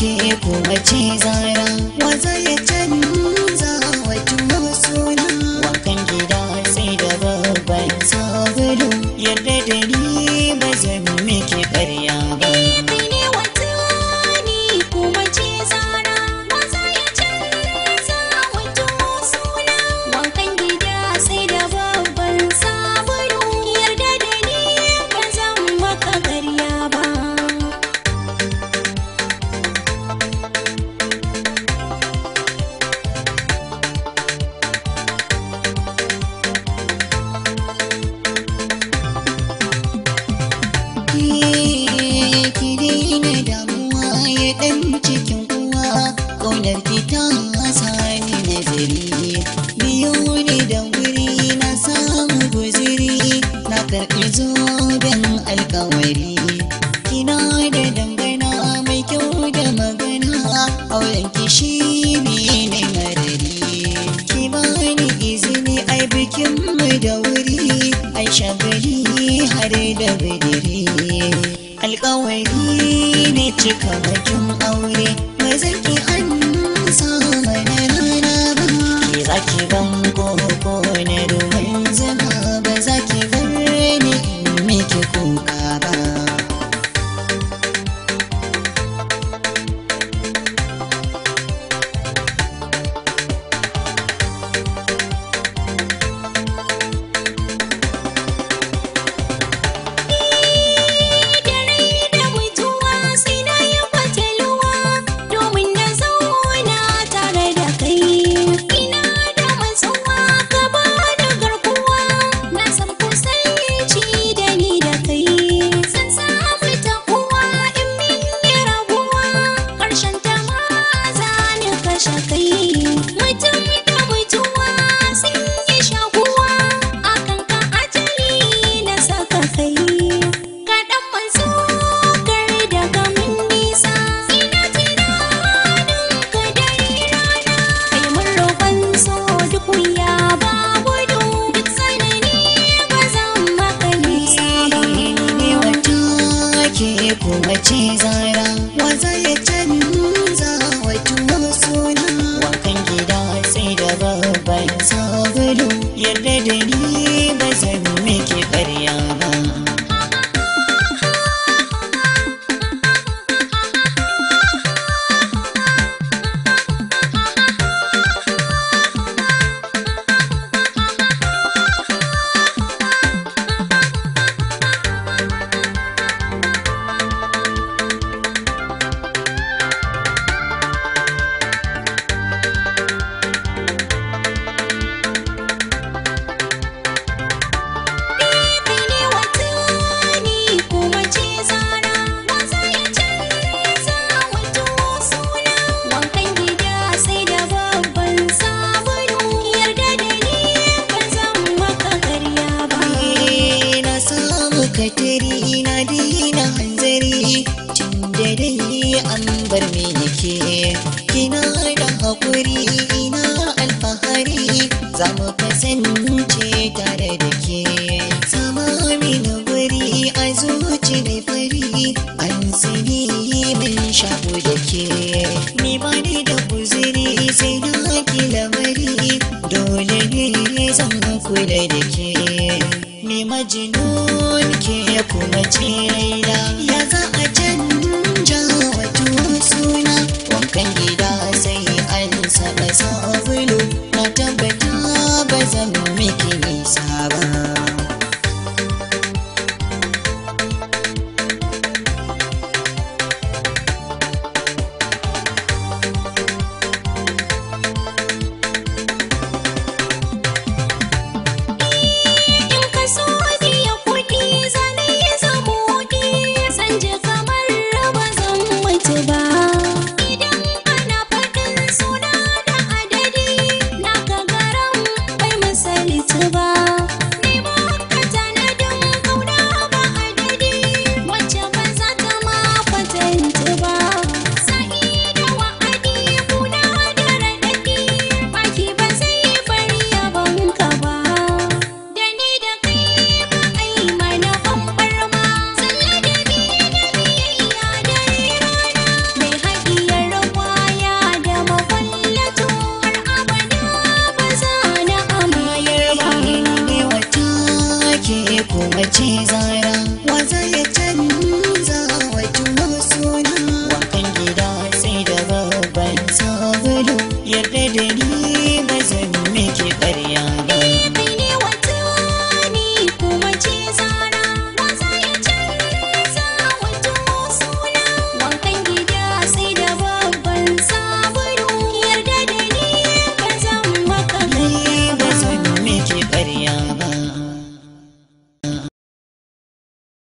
ke ko bace zara wa zai ce biyo wani da wuri na samu guziri na karɓi zoben alkawari kina da dangana mai kyau da magana auren kishi ne ne madari ki bani izini ai bikin da wuri ai shagari har da bidiri alkawari ne cika bakin aure mai zaki hannun sa mana tsaki bango na hanzari tunda dai an bar me nake kina da hakuri ina alfahari za mu kasance tare da ke sama mini wuri a zuci da fari an sani min shaƙo da ke ni ba ni da kuziri sai na ki lamari dole ne zan kula da ke majnun ke kuma ce ya za ko wace zara wa ya canza